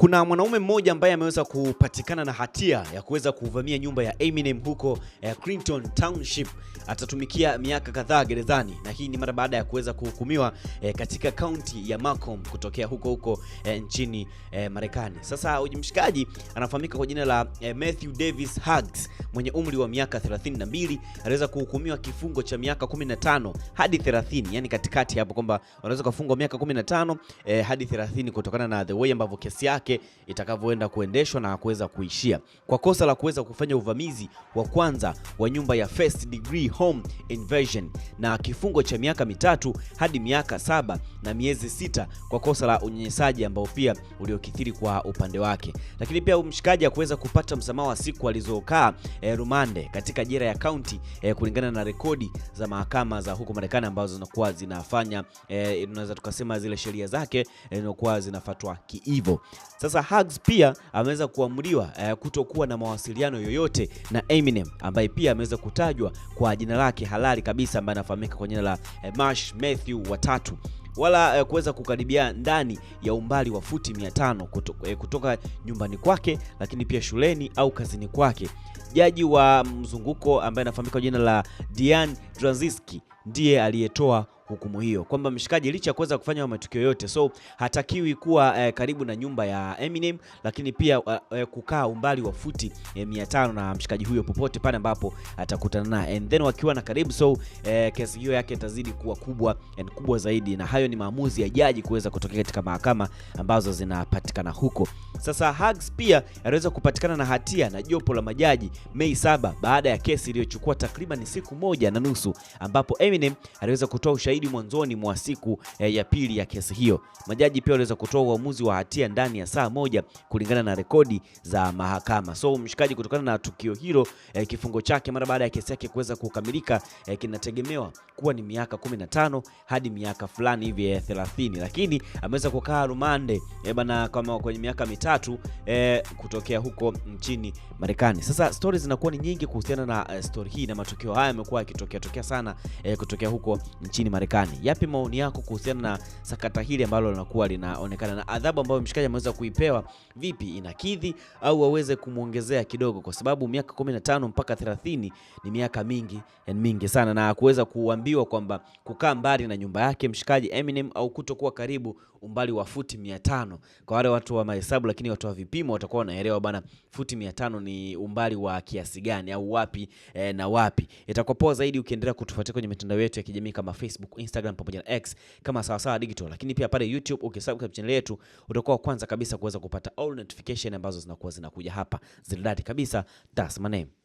Kuna mwanaume mmoja ambaye ameweza kupatikana na hatia ya kuweza kuvamia nyumba ya Eminem huko eh, Clinton Township. Atatumikia miaka kadhaa gerezani na hii ni mara baada ya kuweza kuhukumiwa eh, katika kaunti ya Macomb kutokea huko huko eh, nchini eh, Marekani. Sasa huyu mshikaji anafahamika kwa jina la eh, Matthew Davis Hugs mwenye umri wa miaka 32 anaweza kuhukumiwa kifungo cha miaka 15 hadi 30, yani katikati hapo kwamba anaweza kufungwa miaka 15 eh, hadi 30 kutokana na the way ambavyo kesi yake itakavyoenda kuendeshwa na kuweza kuishia kwa kosa la kuweza kufanya uvamizi wa kwanza wa nyumba ya first degree home invasion na kifungo cha miaka mitatu hadi miaka saba na miezi sita kwa kosa la unyenyesaji ambao pia uliokithiri kwa upande wake. Lakini pia mshikaji akuweza kupata msamaha wa siku alizokaa eh, rumande katika jela ya kaunti eh, kulingana na rekodi za mahakama za huko Marekani ambazo zinakuwa zinafanya eh, tunaweza tukasema zile sheria zake eh, zinakuwa eh, zinafatwa kiivo. Sasa Hugs pia ameweza kuamriwa eh, kutokuwa na mawasiliano yoyote na Eminem ambaye pia ameweza kutajwa kwa jina lake halali kabisa ambaye anafahamika kwa jina la eh, Marsh Mathew watatu wala eh, kuweza kukaribia ndani ya umbali wa futi 500 kutoka, eh, kutoka nyumbani kwake, lakini pia shuleni au kazini kwake jaji wa mzunguko ambaye anafahamika kwa jina la Dian Dranziski ndiye aliyetoa hukumu hiyo, kwamba mshikaji licha ya kuweza kufanya matukio yote, so hatakiwi kuwa eh, karibu na nyumba ya Eminem, lakini pia eh, eh kukaa umbali wa futi eh, mia tano na mshikaji huyo popote pale ambapo atakutana na and then wakiwa na karibu, so eh, kesi hiyo yake itazidi kuwa kubwa and kubwa zaidi, na hayo ni maamuzi ya jaji kuweza kutokea katika mahakama ambazo zinapatikana huko. Sasa Hugs pia aliweza kupatikana na hatia na jopo la majaji Mei saba baada ya kesi iliyochukua takriban siku moja na nusu ambapo Eminem aliweza kutoa ushahidi zaidi mwanzoni mwa siku eh, ya pili ya kesi hiyo. Majaji pia waliweza kutoa uamuzi wa hatia ndani ya saa moja kulingana na rekodi za mahakama. So mshikaji, kutokana na tukio hilo eh, kifungo chake mara baada ya kesi yake kuweza kukamilika eh, kinategemewa kuwa ni miaka 15 hadi miaka fulani hivi ya eh, 30, lakini ameweza kukaa rumande eh, bana kama kwenye miaka mitatu eh, kutokea huko nchini Marekani. Sasa stori zinakuwa ni nyingi kuhusiana na uh, eh, stori hii na matukio haya yamekuwa yakitokea tokea sana eh, kutokea huko nchini Marekani. Marekani. Yapi maoni yako kuhusiana na sakata hili ambalo linakuwa linaonekana na adhabu ambayo mshikaji ameweza kuipewa, vipi inakidhi au waweze kumwongezea kidogo, kwa sababu miaka 15 mpaka 30 ni miaka mingi mingi sana, na kuweza kuambiwa kwamba kukaa mbali na nyumba yake mshikaji Eminem au kutokuwa karibu umbali wa futi 500. Kwa wale watu wa mahesabu, lakini watu wa vipimo watakuwa wanaelewa bana, futi 500 ni umbali wa kiasi gani au wapi eh, na wapi. Itakuwa poa zaidi ukiendelea kutufuatia kwenye mitandao yetu ya kijamii kama Facebook, Instagram pamoja na X kama Sawasawa Digital, lakini pia pale YouTube ukisubscribe channel yetu utakuwa kwanza kabisa kuweza kupata all notification ambazo zinakuwa zinakuja hapa zilidati kabisa. That's my name.